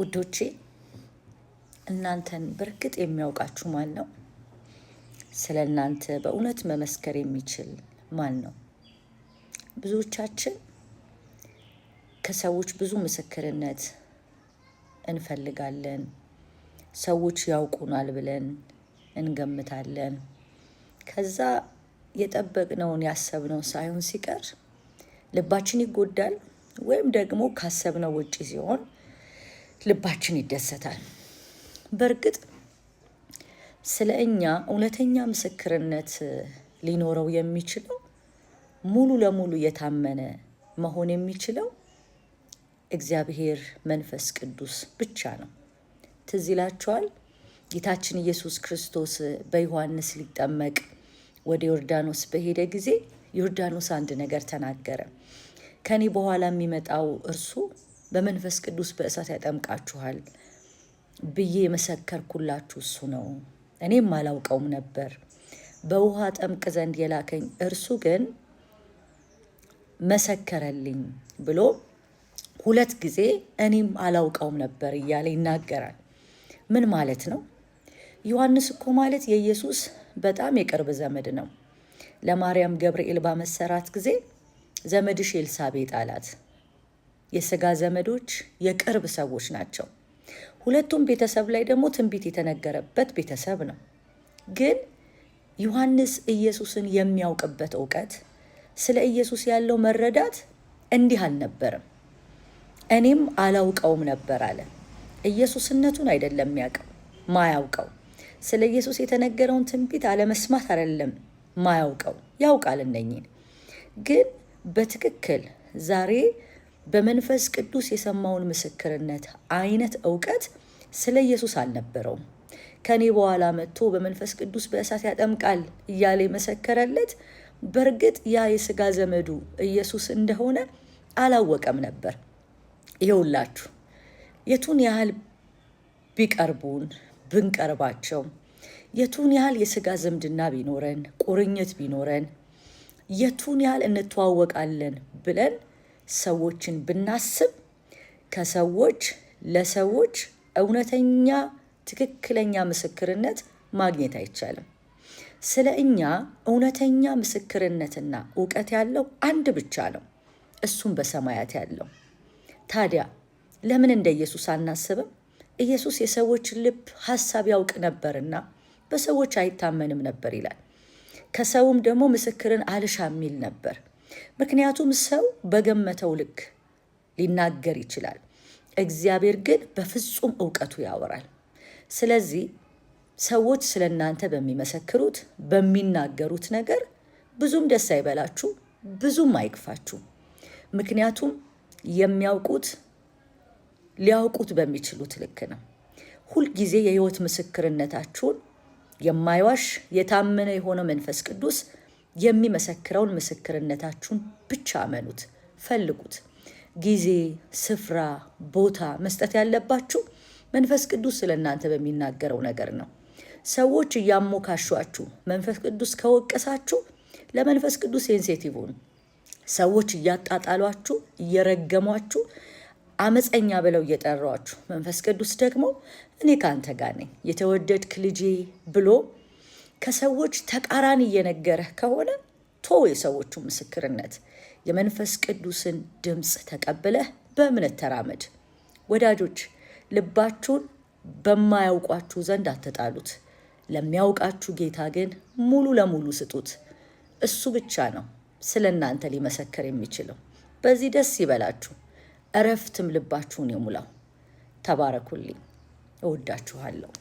ውዶቼ እናንተን በእርግጥ የሚያውቃችሁ ማን ነው? ስለ እናንተ በእውነት መመስከር የሚችል ማን ነው? ብዙዎቻችን ከሰዎች ብዙ ምስክርነት እንፈልጋለን። ሰዎች ያውቁናል ብለን እንገምታለን። ከዛ የጠበቅነውን ያሰብነውን ሳይሆን ሲቀር ልባችን ይጎዳል። ወይም ደግሞ ካሰብነው ውጪ ሲሆን ልባችን ይደሰታል። በእርግጥ ስለ እኛ እውነተኛ ምስክርነት ሊኖረው የሚችለው ሙሉ ለሙሉ የታመነ መሆን የሚችለው እግዚአብሔር መንፈስ ቅዱስ ብቻ ነው። ትዝ ይላችኋል ጌታችን ኢየሱስ ክርስቶስ በዮሐንስ ሊጠመቅ ወደ ዮርዳኖስ በሄደ ጊዜ ዮርዳኖስ አንድ ነገር ተናገረ። ከኔ በኋላ የሚመጣው እርሱ በመንፈስ ቅዱስ በእሳት ያጠምቃችኋል ብዬ የመሰከርኩላችሁ እሱ ነው። እኔም አላውቀውም ነበር። በውሃ ጠምቅ ዘንድ የላከኝ እርሱ ግን መሰከረልኝ ብሎ ሁለት ጊዜ እኔም አላውቀውም ነበር እያለ ይናገራል። ምን ማለት ነው? ዮሐንስ እኮ ማለት የኢየሱስ በጣም የቅርብ ዘመድ ነው። ለማርያም ገብርኤል ባመሰራት ጊዜ ዘመድሽ ኤልሳቤጥ አላት። የስጋ ዘመዶች፣ የቅርብ ሰዎች ናቸው። ሁለቱም ቤተሰብ ላይ ደግሞ ትንቢት የተነገረበት ቤተሰብ ነው። ግን ዮሐንስ ኢየሱስን የሚያውቅበት እውቀት፣ ስለ ኢየሱስ ያለው መረዳት እንዲህ አልነበርም። እኔም አላውቀውም ነበር አለ። ኢየሱስነቱን አይደለም የሚያውቀው ማያውቀው ስለ ኢየሱስ የተነገረውን ትንቢት አለመስማት አይደለም ማያውቀው፣ ያውቃል እነኝን ግን በትክክል ዛሬ በመንፈስ ቅዱስ የሰማውን ምስክርነት አይነት እውቀት ስለ ኢየሱስ አልነበረውም። ከኔ በኋላ መጥቶ በመንፈስ ቅዱስ በእሳት ያጠምቃል እያለ የመሰከረለት በእርግጥ ያ የስጋ ዘመዱ ኢየሱስ እንደሆነ አላወቀም ነበር። ይኸውላችሁ የቱን ያህል ቢቀርቡን ብንቀርባቸው፣ የቱን ያህል የስጋ ዘምድና ቢኖረን ቁርኝት ቢኖረን፣ የቱን ያህል እንተዋወቃለን ብለን ሰዎችን ብናስብ ከሰዎች ለሰዎች እውነተኛ ትክክለኛ ምስክርነት ማግኘት አይቻልም። ስለ እኛ እውነተኛ ምስክርነትና እውቀት ያለው አንድ ብቻ ነው፣ እሱም በሰማያት ያለው። ታዲያ ለምን እንደ ኢየሱስ አናስብም? ኢየሱስ የሰዎች ልብ ሐሳብ ያውቅ ነበርና በሰዎች አይታመንም ነበር ይላል። ከሰውም ደግሞ ምስክርን አልሻ የሚል ነበር። ምክንያቱም ሰው በገመተው ልክ ሊናገር ይችላል። እግዚአብሔር ግን በፍጹም እውቀቱ ያወራል። ስለዚህ ሰዎች ስለ እናንተ በሚመሰክሩት በሚናገሩት ነገር ብዙም ደስ አይበላችሁ፣ ብዙም አይክፋችሁ። ምክንያቱም የሚያውቁት ሊያውቁት በሚችሉት ልክ ነው። ሁልጊዜ የህይወት ምስክርነታችሁን የማይዋሽ የታመነ የሆነው መንፈስ ቅዱስ የሚመሰክረውን ምስክርነታችሁን ብቻ አመኑት፣ ፈልጉት። ጊዜ፣ ስፍራ፣ ቦታ መስጠት ያለባችሁ መንፈስ ቅዱስ ስለ እናንተ በሚናገረው ነገር ነው። ሰዎች እያሞካሿችሁ መንፈስ ቅዱስ ከወቀሳችሁ ለመንፈስ ቅዱስ ሴንሴቲቭ ሰዎች እያጣጣሏችሁ፣ እየረገሟችሁ፣ አመፀኛ ብለው እየጠሯችሁ መንፈስ ቅዱስ ደግሞ እኔ ከአንተ ጋር ነኝ የተወደድክ ልጄ ብሎ ከሰዎች ተቃራኒ እየነገረህ ከሆነ ቶ የሰዎቹ ምስክርነት የመንፈስ ቅዱስን ድምፅ ተቀብለህ በእምነት ተራመድ። ወዳጆች ልባችሁን በማያውቋችሁ ዘንድ አትጣሉት፣ ለሚያውቃችሁ ጌታ ግን ሙሉ ለሙሉ ስጡት። እሱ ብቻ ነው ስለ እናንተ ሊመሰክር የሚችለው። በዚህ ደስ ይበላችሁ፣ እረፍትም ልባችሁን የሙላው። ተባረኩልኝ። እወዳችኋለሁ።